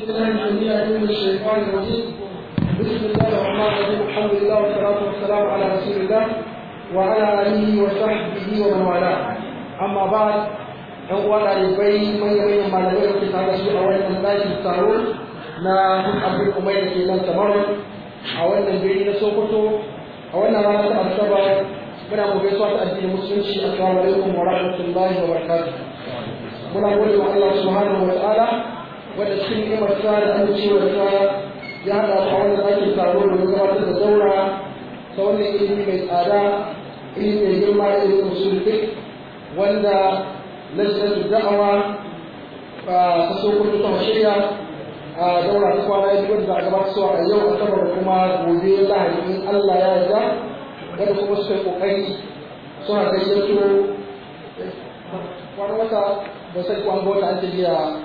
بالله الجميع من الشيطان الرجيم بسم الله الرحمن الرحيم الحمد لله والصلاة والسلام على رسول الله وعلى آله وصحبه ومن والاه أما بعد ɗan uwa ɗalibai manyan malamai da ke tare su a wannan ɗakin taro na abin umai da ke nan tabaru a wannan birni na sokoto a wannan rana ta asabar muna mu gaisuwa ta addinin musulunci assalamu alaikum wa rahmatullahi wa barakatuh muna gode wa Allah subhanahu wa ta'ala wanda cikin ni'imar sa da amincewar ya haɗa ta wanda ake taro da gabatar da zaura ta wannan ilimi mai tsada ilimi mai girma da ilimin usul wanda lajnatu da'awa ta sokoto ta shirya a daura ta kwana ya wanda a gaba su a yau asabar kuma gobe lahadi Allah ya yarda wanda kuma suka yi kokari suna gayyato wani wata ba sai kwan bota an tafiya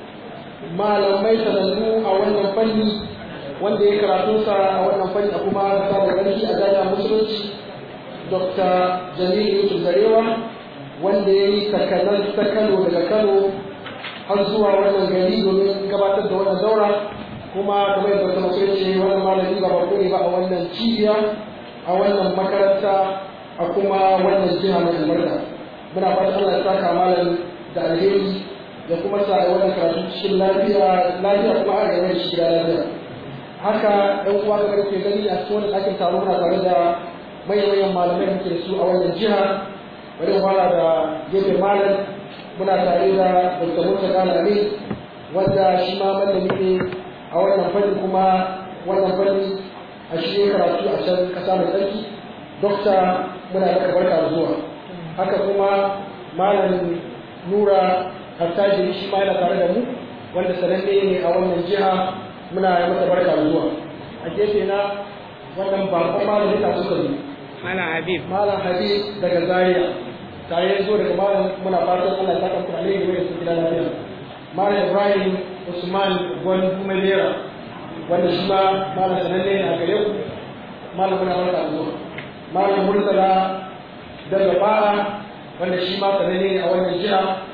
malamai sanannu a wannan fanni wanda ya karatu sa a wannan fanni a kuma da ranki a jami'ar musulunci dr jamilu yusuf garewa wanda ya yi takalar ta kano daga kano har zuwa wannan gari domin gabatar da wannan daura kuma kamar yadda kuma sai ce wannan malami ba babu ne ba a wannan cibiya a wannan makaranta a kuma wannan jiha mai albarka muna fata Allah ya saka malam da alheri da kuma sa a wannan karatu cikin lafiya lafiya kuma a da shi da lafiya haka ɗan uwa da ƙarfe gani a cikin wani ɗakin taro muna tare da mayan malamai da ke su a wannan jiha bari fara da gefe malam muna tare da Dr. Murtala Alami wanda shi ma malami ne a wannan fanni kuma wannan fanni a shi karatu a can ƙasa mai tsarki dokta muna da barka zuwa haka kuma malamin nura attajiri shi ma yana tare da mu wanda sananne ne a wannan jiha muna yi masa barka zuwa a gefe na wannan bakon malamin ta suka yi malam habib malam habib daga zaria tare da zuwa daga malam muna fatan Allah ya saka ku alheri da su gida lafiya malam ibrahim usman gwani Lera. wanda shi ma malam sananne ne a gare ku malam muna barka zuwa malam murtala daga bara wanda shi ma sananne ne a wannan jiha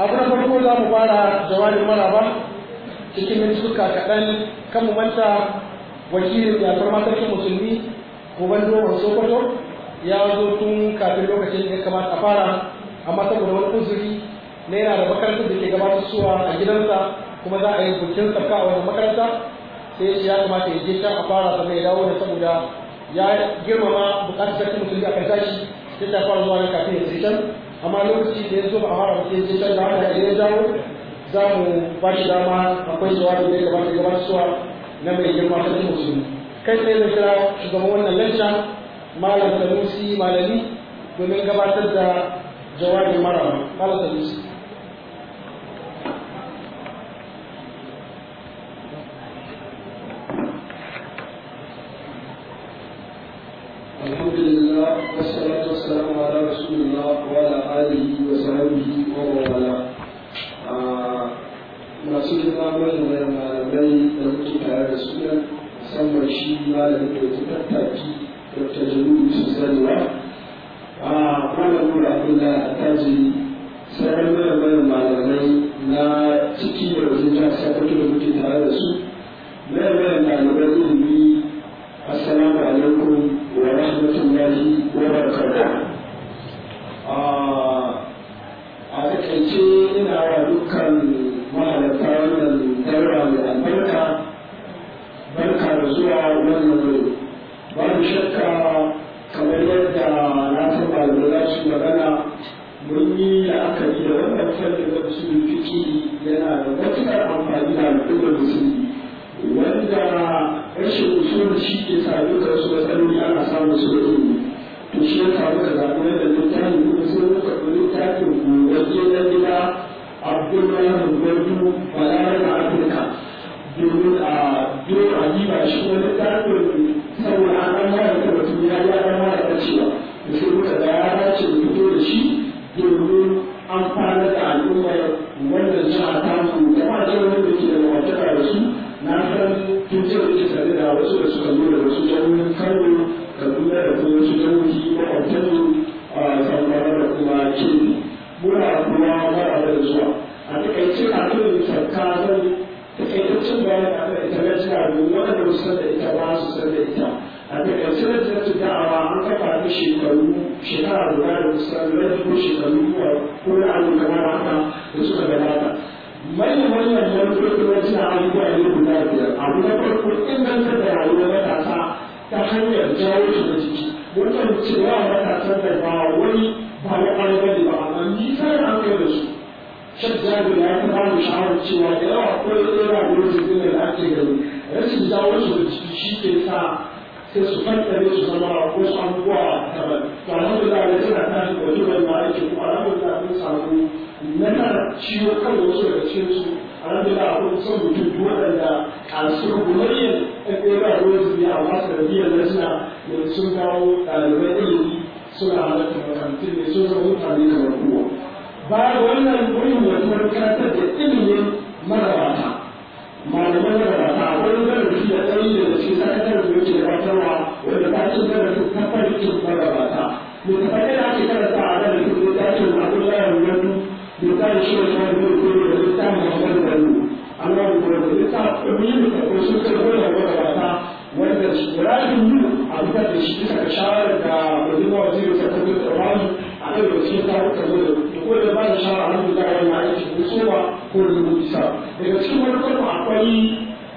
abu na farko za mu fara jawabin maraba cikin mintuka kaɗan kan mu manta wakilin yasar matarkin musulmi goban doron sokoto ya zo tun kafin lokacin da ya kamata a fara amma saboda wani uzuri na yana da makarantar da ke gabatar suwa a gidansa kuma za a yi bukin tsaka a wani makaranta sai ya kamata ya je can a fara sannan ya dawo da saboda ya girmama bukatar musulmi a kan tashi sai ta fara zuwa nan kafin ya je amma lokaci da ya so a fara mutum sai canza haka idan ya dawo za mu ba shi dama akwai jawabi da ya kamata suwa na mai girma ta musulmi kai tsaye da kira shugaban wannan lansha malam sanusi malami domin gabatar da jawabin mara malam sanusi zuwa wannan wuri da shakka kamar yadda na san malamai za su magana mun yi la'akari da wannan fannin da su fiki yana da matuƙar amfani da al'ummar su wanda rashin usulun shi ke sa dukkan su matsaloli ana samun su da su to shi ya samu da zaɓi da littafi kuma sai muka ɗauki littafin waje na gida abdullahi gwadu balara da afirka domin a biyo a yi ba shi wani tsarin saboda an ɗan mara ta mutum ya yi ɗan mara ta cewa da sai muka da ya dace mu fito da shi domin an fara da al'ummar wannan jiha ta mu da ma da wani da ke da mawataka da su na san tun jiya da ke tare da wasu da suka zo da wasu jami'in kano da kuma da kuma wasu jami'in mawatakin a sanfara da kuma ke. muna kuma mara da zuwa a takaice a kan sarka zan cikin bayanin da aka ita lajina domin waɗanda ba su san da ita ba su san da ita a takaice lajina ta da'awa an kafa ta shekaru shekara guda da musamman lajina ko shekaru ko na abu da haka da suka gabata manyan wannan a lajina abubuwa yi guda biyar abu na farko inganta da da matasa ta hanyar jawo shi da jiki wannan cewa matasan da ba wani ba na ƙarfi ba amma nisan an kai da su shan jami'a ya fi ba mu cewa da yawa ko da da ake gani rashin jawo su shi ke sa sai su su zama ko su abubuwa daban to alhamdulillah da yana tashi da wajen wani ma'aikin kuma samu cikin su akwai mutum biyu waɗanda a su rubunayyan a wasu da biyan nasina sun kawo ɗalibai ilimi suna halatta makarantun zama mutane kamar kowa ba wannan wurin wannan karantar da ilimin marabata malaman marabata akwai da ɗari da shi sakatar da yake gabatarwa wanda ta ce zarafi ta farkin marabata littafai da ake karanta a nan da kuma ta ce ma kun layar wani littafin shi wani wani da littafin wani wani Allah ya kuma da littafin wani da kuma sun kai wani marabata wanda rajin yi a fitar da shi bisa ga shawarar da wajen wajen da ta kuma da rajin a kan da shi ta kuma da wanda ba da shara a nan da ya yi aiki da tsoba ko da zuwa bisa daga cikin wani kuma akwai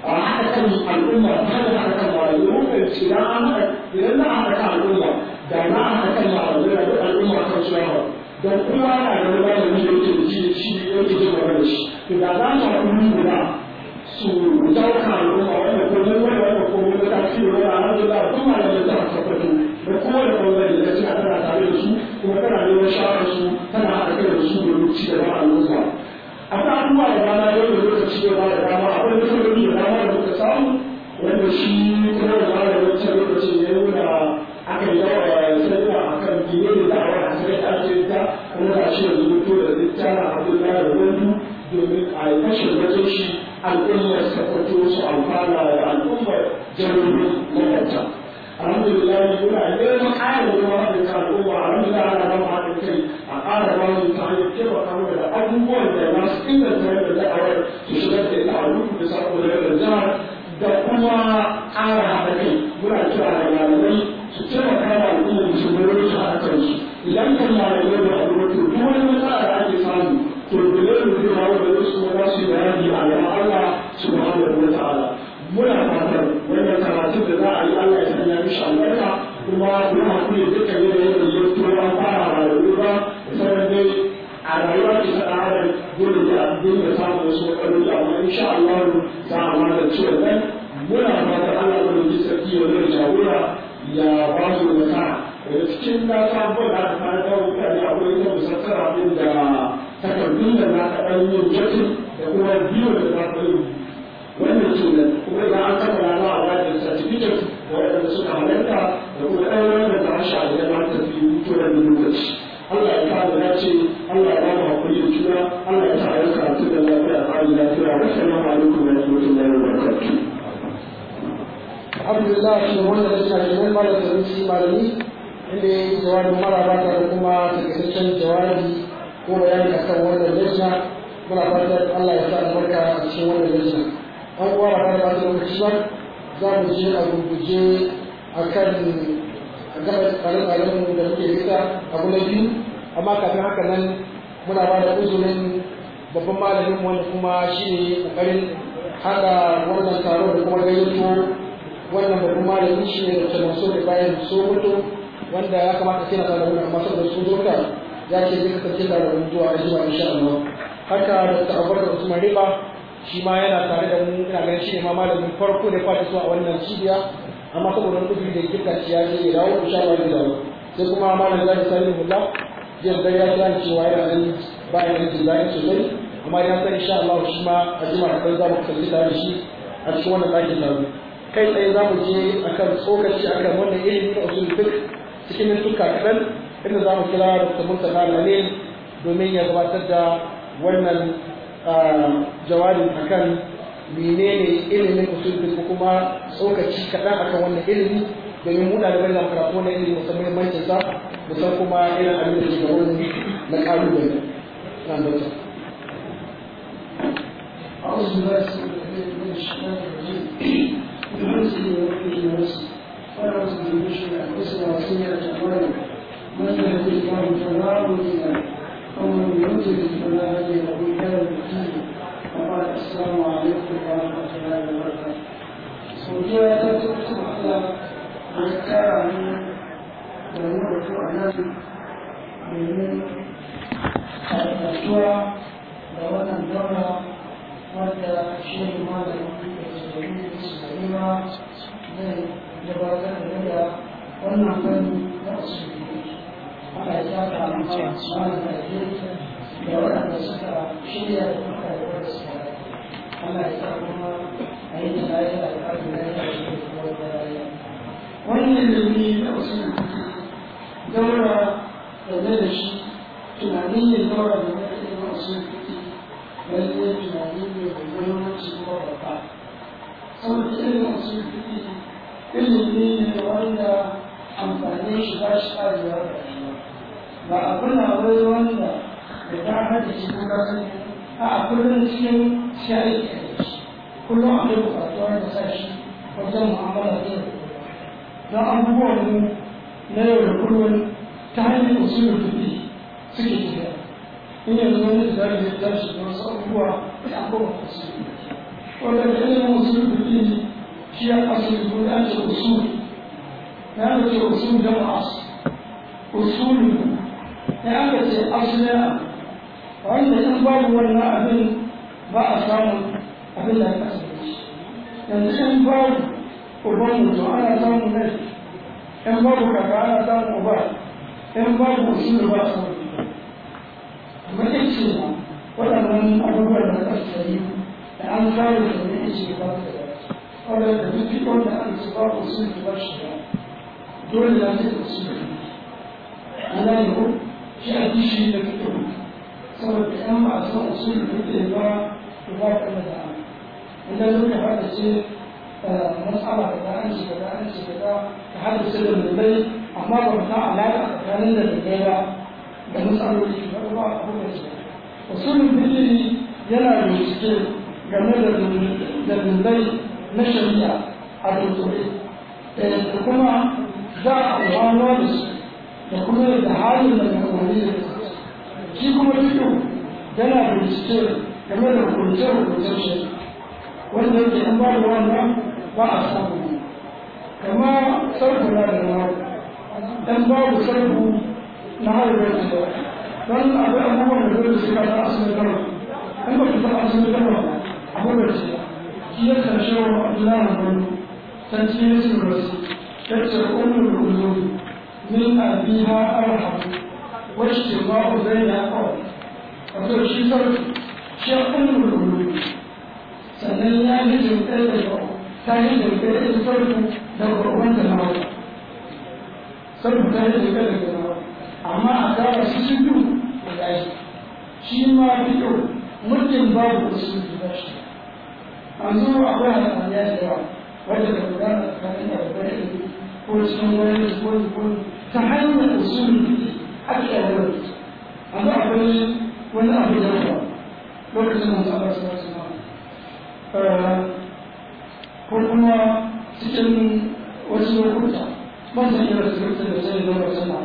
a haɗa kan al'umma ta da haɗa kan malamai mun fahimci idan an haɗa idan na haɗa kan al'umma da na haɗa kan malamai da duk al'umma kan su yawa don kowa da wani malami da yake da shi da shi yake jin magana shi to da za mu haɗu mun guda su dauka al'umma wanda ko don wani wanda ko wani ta fi wani a nan da za a kuma malamai za a tabbatar da kowane ɓangare da suna tana tare da su kuma tana neman shawarar su tana lokaci da dama lokuta akwai abubuwa da dama yau da lokaci da dama da dama akwai matsaloli da dama da muka samu wanda shi kuma da dama da wancan lokaci ne wanda aka yi yawa da sarrafa a kan gine da da'awa a sai da ake kuma da shi da zubuto da littara a kuma da wani domin a yi kashe wajen shi al'ummar sakwato su amfana da al'ummar jami'in na kanta. alhamdulillah suna girman ayar da kuma haɗin kan al'umma alhamdulillah ana ba mu kai a ƙara ba ta hanyar taimaka mu da abubuwan da za su inganta yadda da'awar su shigar da ita a rufe da sako da yadda da kuma ƙara haɗa kai muna kira da malamai su taimaka da al'ummar su gurin su haɗa kan idan kan malamai da al'ummar duk wani matsala da ake samu to da yau da zai da wasu ma su yi bayani a Allah muna fatan wannan karatu da za a yi Allah ya sanya mishi albarka kuma muna hakuri dukkan yanayin da zai tura an fara rayuwa ba sauran dai a rayuwa ta sa'ada dole da abin da samu wasu ƙarfi amma insha Allah za a magance wannan muna fatan Allah ya rubuta sarki ya zai jagora ya ba su nasara daga cikin na sabon da aka fara dawo mutane akwai ta musassara ɗin da takardun da na taɓa yin jakin da kuma biyu da na taɓa yin wannan kenan kuma idan an kammala ba a bayar da certificate waɗanda suka halarta da kuma ɗaurar da ta sha idan an tafi hutu da lokaci Allah ya fara ya ce Allah ya ba mu hakuri da juna Allah ya sa a yi karatu da lafiya a yi lafiya wassalamu alaikum wa rahmatullahi wa barakatuh Alhamdulillah shi wannan da suka yi wani da zuci malami inda ya yi jawabin maraba tare kuma takaitaccen jawabi ko bayani akan wannan lissa muna fatan Allah ya sa albarka a cikin wannan lissa. an kwara ba da lokaci ba za mu je a gurguje a kan tsare-tsarenmu da muke nisa abu na biyu amma kafin haka nan muna ba da uzurin babban malamin wanda kuma shi ne kokarin haɗa wannan taro da kuma gayyato wannan babban malamin shi ne da ke da bayan so mutu wanda ya kamata kina da wani masu da su zo ya ce zai kasance da wani zuwa a zuwa insha Allah haka da ta'abbar da Usman Riba shi ma yana tare da mu ina ganin shi ne ma malamin farko da fata su a wannan cibiya amma saboda wani da ya kirka shi ya je ya dawo in sha Allah ya sai kuma malam Zaki sani Hulla jiya da ya san cewa yana nan ba ya da jilani sosai amma ya san insha Allah shi ma a jima da za mu kalli da shi a cikin wannan ɗakin nan kai tsaye za mu je akan tsokaci akan wannan ilimi da usul fiqh cikin mintuka kaɗan inda za mu kira da da Lalil domin ya gabatar da wannan jawabin akan menene ilimin usulin ko kuma tsokaci kaɗan akan wannan ilimi domin muna da na karatu na ilimi musamman mai sa musan kuma irin abin da ke da wani na ƙalubale na dauka. أعوذ بالله من الشيطان الرجيم من همزه ونفخه ونفسه ونعوذ بالله من شر أنفسنا وسيئات أعمالنا من يهده الله فلا مضل له da wannan zai gabatar da wannan fanni na asibiti da waɗanda suka da suka yi wani suka ya a yi da lafiya da ƙarfi da ya yi da kuma da Wannan da wasu na da zai da shi tunanin ne da zai da ilimin wasu kuɗi lalle tunanin ne da muhimmanci kuma babba. Saboda ilimin wasu kuɗi ilimi ne wanda amfanin shi ba shi ƙarewa da ba abin na wai wanda da ta hada shi ko ka sani a kullum cikin shari'a kullum akwai bukatuwa da sashi wajen mu'amala da yau don abubuwan mu na yau da kullum ta hanyar usulun fiɗi suke tafiya in yanzu wani da zai zai tashi da wasu abubuwa da abubuwa da su wanda da ilimin usulun fiɗi shi ya asali ko ya ce usul ya ce usul jama'a usulun كانت الأصلاء وعند الإخبار هو أن أبن ما أصاب أبن لا يعني الإخبار أبنت وأنا أصاب نفسي إخبارك فأنا أصاب أبنت إخبار مصير بأصاب ما تكسر ولا من أبو ولا تكسرين لأن خارج من إيشي قال الذي في قول أن صفاق الصيف بشرة دول لا تكسرين أنا يقول shi a kishi da kuka saboda yan masu usul da ke ba ku ba ku da da'a idan suka haɗa ce matsala da an ci da an ci da ta haɗa su da mulmai amma ba ta alaƙa tsakanin da mulmai ba da matsaloli da ba a kuma ce usulun bidiri yana da bincike game da dalilai na shari'a a doktori da kuma za a wano da su da kuma yadda halin da kamfani shi kuma fito yana bincike game da hukunce-hukuncen shi wanda yake an ba da wannan ba a samu kama sarku na da nawa dan babu sarku na haihuwar da don abu abubuwan da dole suka ta asirin kama an ba ta asirin kama a gwamnati shi ya karshe wa abdullahi wani sanci ya su rasu ya ce ƙunar da من أبيها أرحم واجتماع بين أقوام wato shi sarki shi kullum rubutu sannan ya yi jinkai da yau ta yi jinkai da ita sarki da kurban da ta yi jinkai da nawa amma a kawo shi shi duk da gashi ma fito mutum babu wasu da gashi an zo a wani hanyar da yawa wadda da gudanar da kanin da ko cikin wani ko ta hanyar usul ake yarda amma akwai wani abu da ba lokacin da Allah sallallahu alaihi wasallam ko kuma cikin wasu lokuta ba su yi wasu lokuta da sai zama sana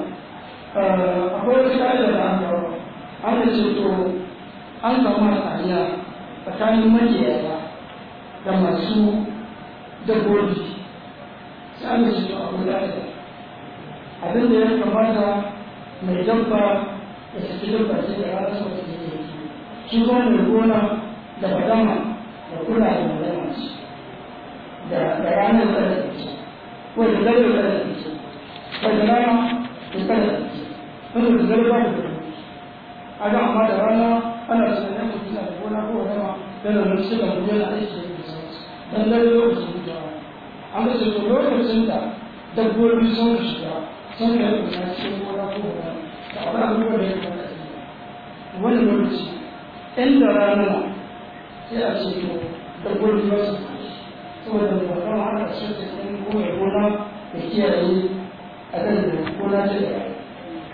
akwai wasu ka'ida da an kawo an da ce to an samu hatsariya tsakanin makiyaya da masu dabbobi abin da ya kamata mai damfa da su ci damfa ce da rana su wata yake shi kuma mai gona da fadama da kula da magana ce da ranar da da ce ko da dare da da ce ko da rana da da ce ko da dare ba da a ga amma da rana ana su da mutum da gona ko da rana da da mutum da gona da aiki da sauransu dan dare lokacin da an ga su lokacin da dabbobi sun shiga sun da yanzu na cikin gona ko gona da abin abubuwan da a da ya da gona da kiyaye a kan da gona ta da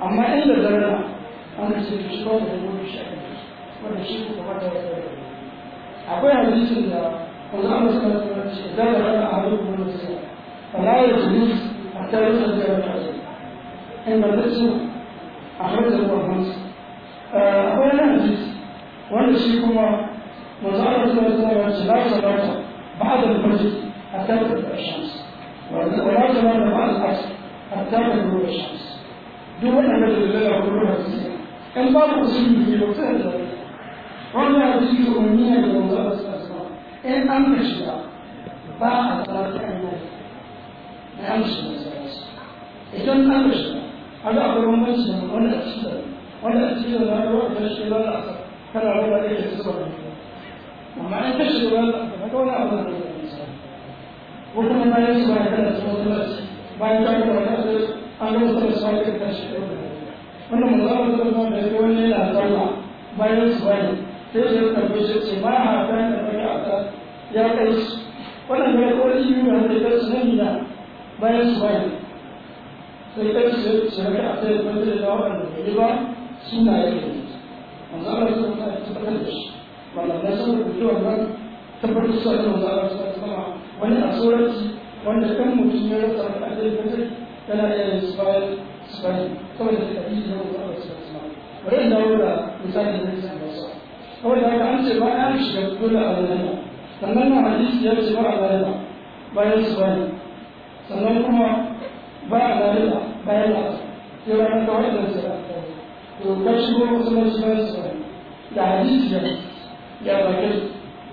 amma ɗan da shi da shi ya tsaya akwai hadisin da wanda da ranar a tarihin da ya المدرسة أخرجه الخمسة آه، أولا نجلس ونشيكما وزارة الإسلام لا صلاة بعد الفجر حتى تطلع الشمس ولا صلاة بعد العصر حتى تطلع الشمس دون أن تدل على إن بعض أصول في وقتها ذلك ولا تجد أمنية لوزارة الإسلام إن أمشي بعد صلاة الناس ما أمشي إذا أمشي kaga akwai bambanci wanda a cikin wanda a cikin na ruwa da shi ba na kana ruwa da yake zuwa amma an tashi ruwa da kaga wani abu da ko kuma bayan su ba kana zuwa kuma bayan ta ruwa da an ruwa da sai da tashi ruwa wannan manzo Allah da ya wani yana tsalla bayan su bayan sai da ta bishe ce ba ha kan da ya aka ya kai wannan ne ko yi ne da su ne bayan su bayan sai ɗan shirka a sai ɗan zai da waɗanda ba suna yake ne manzo Allah sun sa ya tabbatar da shi wannan na san rubutu wannan tabbatar da sunan manzo Allah sun sama wani a surati wanda kan mutum ya rasa da Allah ya zai yana iya yin spine spine kawai da kaji da manzo Allah sun sama bari da wura misali da sun masa kawai da an ce ba shiga dole a wannan a bayan bayan spine sannan kuma Ba da rida bayan da sai ranar da wani da su to kai shigo musulunci mai su da hadisi da ya bakin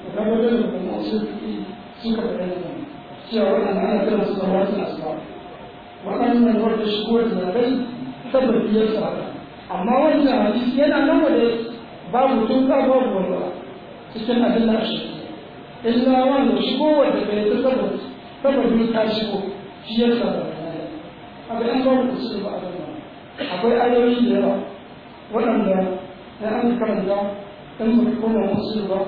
da kamar da su kuma su suka fara da cewa wannan ana kiran su da wasu asma waɗannan wanda shigo da kai sabon biyar sa amma wannan hadisi yana nan wanda babu tun ka babu wanda cikin abin da shi illa wanda shigo wanda kai ta sabon sabon ta shigo shi ya a ga in ba da kusur ba a gaba akwai ayoyi da yawa waɗanda na an karanta in muka koma kusur ba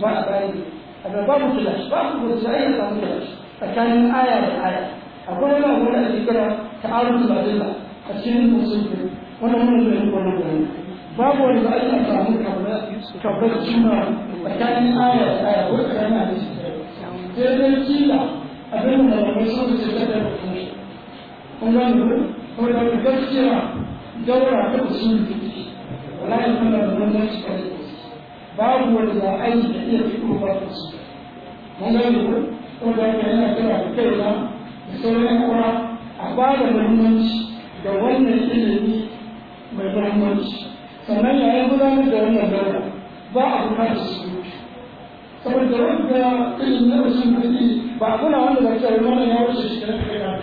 ba a bayani a ga babu tilash babu wata ayyar samun tilash tsakanin aya da aya akwai wani abu da ake kira ta'arun badilla a cikin kusur ba wannan mun zai da gari babu wanda ake samu kabar juna tsakanin aya da aya wata yana da shi sai dai kila abin da malamai sun ce kada mutum kun gani ko ko da gaskiya daura ta usul fiqh wallahi kuma da wannan shi kare babu wanda a yi da iya fiqh ba ta su mun gani ko ko da yana kai na da kuma a ba muhimmanci da wannan ilimi mai muhimmanci sannan yayin gudanar da wannan daura ba a buƙatar su ba kuna wanda za ta yi da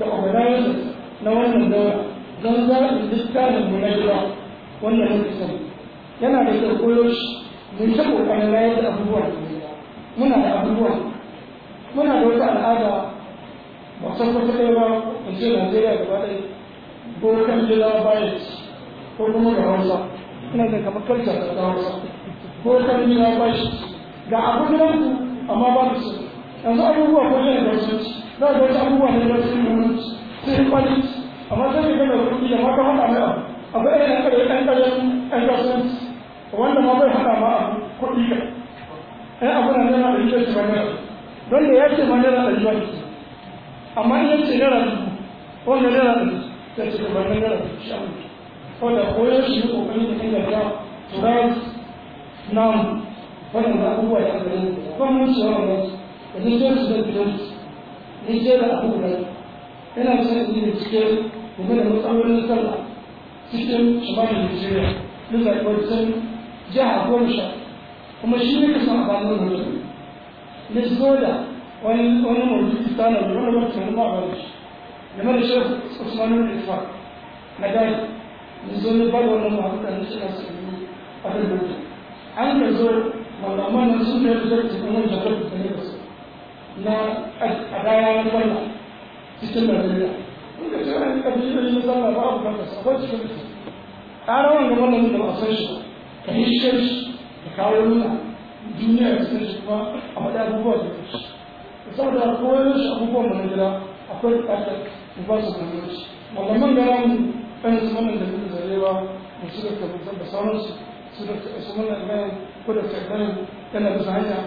da ƙwararren na wannan daura don za zaɓin littafin mu na gida wanda muka sani yana da kyau koyo shi mun ta ƙoƙarin rayar da abubuwa muna da abubuwa muna da wata al'ada ba san wata kai ba in ce Najeriya gaba ɗaya bokan jila bayat ko kuma da Hausa ina da kamar kalta da Hausa bokan jila bayat ga abu ku amma ba su yanzu abubuwa ko shi da wasu za ga wasu abubuwa ne na su muhimmanci su yi kwali amma sai ka gana kuɗi amma ka haɗa mai abu akwai ɗan ƙarfi ɗan ƙarfi ɗan kasuwanci wanda ma bai haɗa ma abu kuɗi ka ɗan abu na nana da yake ba nana don da ya ce ma nana da yiwa amma in yace nana dubu wanda nana da ya ce ba nana da shi abu wanda koyar shi kokarin da kan yarda turai namu wannan abubuwa ya gani ban mun ce wannan da zai zo su da الإجابة أقول لك أنا مثلا أقول لك سكيل وبدأ مطور للسرعة سيستم شبابي للسرعة مثل كويتسن جاها كورشا وما شنو كسمع بعض المدرسة نزولا وأنا موجود في ثانية وأنا وقت ما أعرفش لما نشوف أسمان الإطفاء مدار نزول البر وأنا ما أعرف أن نشوف أسمان الإطفاء أنا نزول والله ما نزول نزول نزول نزول na ƙadayayen sallah cikin Najeriya. Wanda ce wani ka fi shirin sallah ba cikin mutum. Ƙara wanda wannan da ba san shi ka hishe shi ka kawo nuna duniya da shi kuma a faɗi abubuwa da ya shi. Saboda shi abubuwan mu na gida akwai buƙatar mu ba su muhimmanci. Malaman gara mu kan su wannan da zai zarewa mu su da tabbatar da sauransu su da su wannan bayan ko da tsaye yana da hanya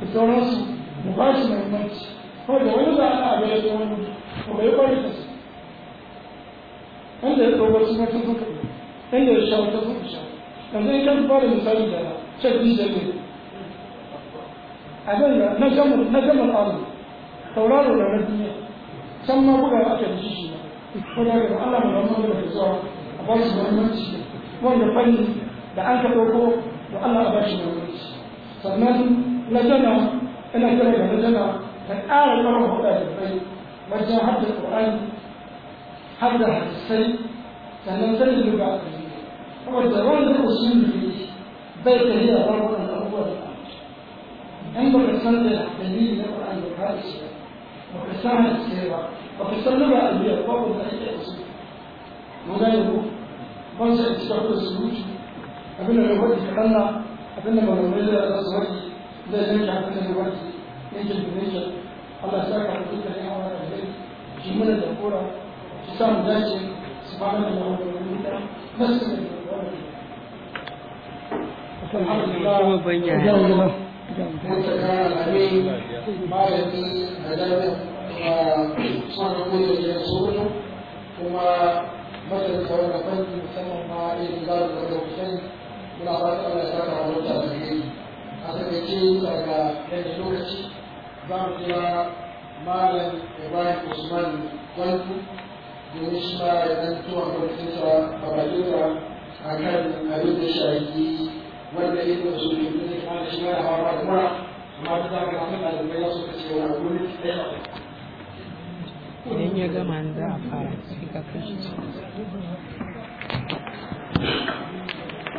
da sauransu mu ba shi muhimmanci kawai da wani za a abu ya zo wani ko bai kwari da su wanda ya tsohuwa su mata zuka wanda ya sha wata zuka sha yanzu in kan fara misali da shan dijar ne a zan na gama al'adu tauraro da na duniya can ma buga aka da shi ba ko da ga Allah mai ramar da zuwa a ba shi muhimmanci wanda fanni da an ka ɗauko to Allah a ba shi muhimmanci sannan na jana ina kira ga mutuna ka ƙara mana huɗa da kai wajen haɗa ƙur'ani har da hadisai sannan sanin duba a kai saboda wannan usuli bai kai da wannan abubuwan in ba ka san da dalili na ƙur'ani da ka ce ba ka san hadisai ba ba ka san duba a biyar ba ba ka iya usuli mun gane ko ban sai da surutu abin da na gwada kaɗan na abin da ba mai da surutu zai canja hankalin ruwansu nation to nation Allah ya saka da dukkan yan wani da zai shi mana da kora shi samu dace su fara da da da da Alhamdulillah, kuma masar da wani musamman ma irin zaru da wata alheri a takaice daga yadda lokaci za mu kira malam ibrahim usman gwantu domin shi ma ya ɗan tuwa gwamnatinsa a bakinsa a kan abin da shafi wanda ya yi su ne shi ma da hawa da amma ta zaka na mutane da suka ce wani abu ne idan ya gama za a fara sai ka kashe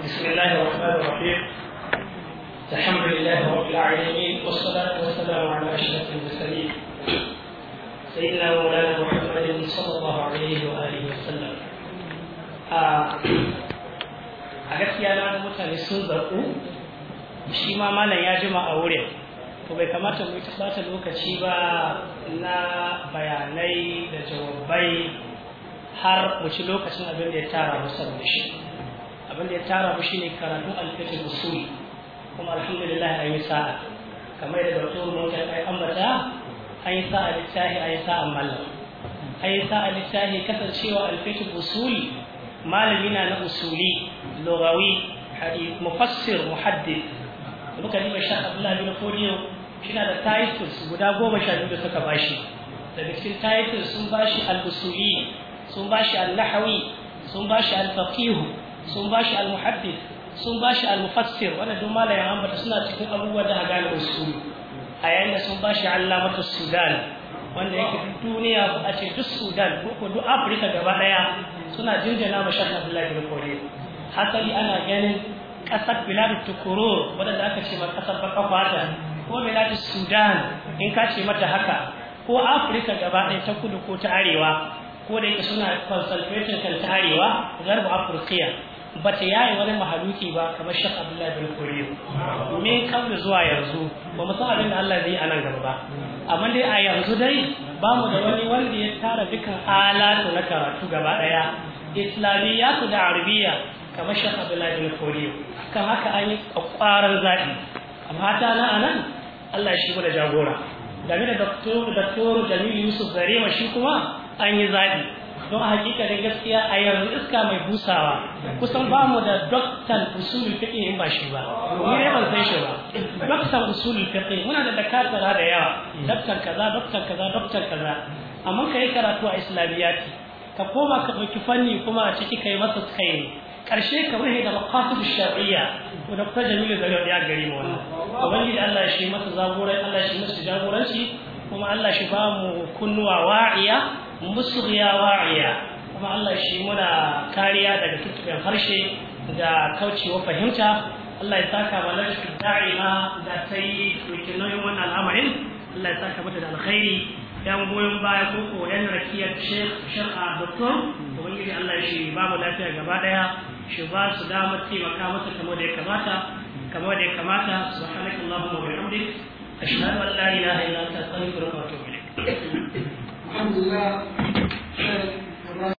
بسم الحمد لله رب العالمين والصلاة والسلام على أشرف المرسلين سيدنا مولانا محمد صلى الله عليه وآله وسلم a gaskiya na mutane sun zarku shi ma malam ya jima a wurin to bai kamata mu yi ta lokaci ba na bayanai da jawabai har mu ci lokacin abin da ya tara musamman shi abin da ya tara mu shine karatu alfitul usuli kuma alhamdulillah an yi sa'a kamar yadda doktor munkar ai ambata an yi sa'a littahi an yi sa'a mallam an yi sa'a littahi kasancewa alfiqh usuli malami na na usuli lugawi hadith mufassir muhaddith muka ji bashar abdullahi bin fodiyo shina da titles guda goma sha biyu da suka bashi daga cikin titles sun bashi al-usuli sun bashi al-nahawi sun bashi al-faqih sun bashi al-muhaddith sun bashi al-mufassir wannan duk malayan ambata suna cikin abubuwa da gane usuli a yayin da sun Allah mata sudan wanda yake duniya a ce duk sudan ko duk afirka gaba daya suna jinjina ma shakka abdullahi bin kore hasali ana ganin kasar biladu tukuro wadanda aka ce ma kasar kwata. ko biladu sudan in ka ce mata haka ko afirka gaba daya ta kudu ko ta arewa ko da yake suna consultation kan ta arewa garba afirkiya ba ta yaye wani mahaluki ba kamar shek abdullahi bin kuriyo me kan zuwa yanzu ba mu san abin da Allah zai a nan gaba ba amma dai a yanzu dai ba mu da wani wanda ya tara dukan alatu na karatu gaba daya islamiyatu da arabiya kamar shek abdullahi bin kuriyo kan haka an yi kwarar zaɓi amma ta na anan Allah shi bude jagora game da doktor doktor Jamilu Yusuf Zarema shi kuma an yi zaɓi don a hakikanin gaskiya a yanzu iska mai busawa kusan ba mu da doktan usulul fiqh in ba shi ba ni ne ban san shi ba doktan usulul fiqh muna da dakatara da yawa doktan kaza doktan kaza doktan kaza amma kai karatu a islamiyati ka koma ka dauki fanni kuma a ciki kai masa kai karshe ka rufe da maqasid shar'iyya to da kuma jamilu da ya gari mu wannan ubangiji Allah shi masa zaburai Allah shi masa jagoranci kuma Allah shi ba mu kunnuwa wa'iya musghiya wa'iya kuma Allah shi muna kariya daga tuttuɓen harshe da kaucewa fahimta Allah ya saka wa lafi da'ima da ta yi ɗauki nauyin wannan al'amarin Allah ya saka mata da alkhairi yan goyon baya ko ko rakiyar shekh doktor da Allah shi ba mu lafiya gaba daya shi ba su damar taimaka masa kamar da ya kamata kamar da ya kamata subhanakallahumma wa bihamdik ashhadu an la ilaha illa anta astaghfiruka wa atubu ilaik 那你在？在。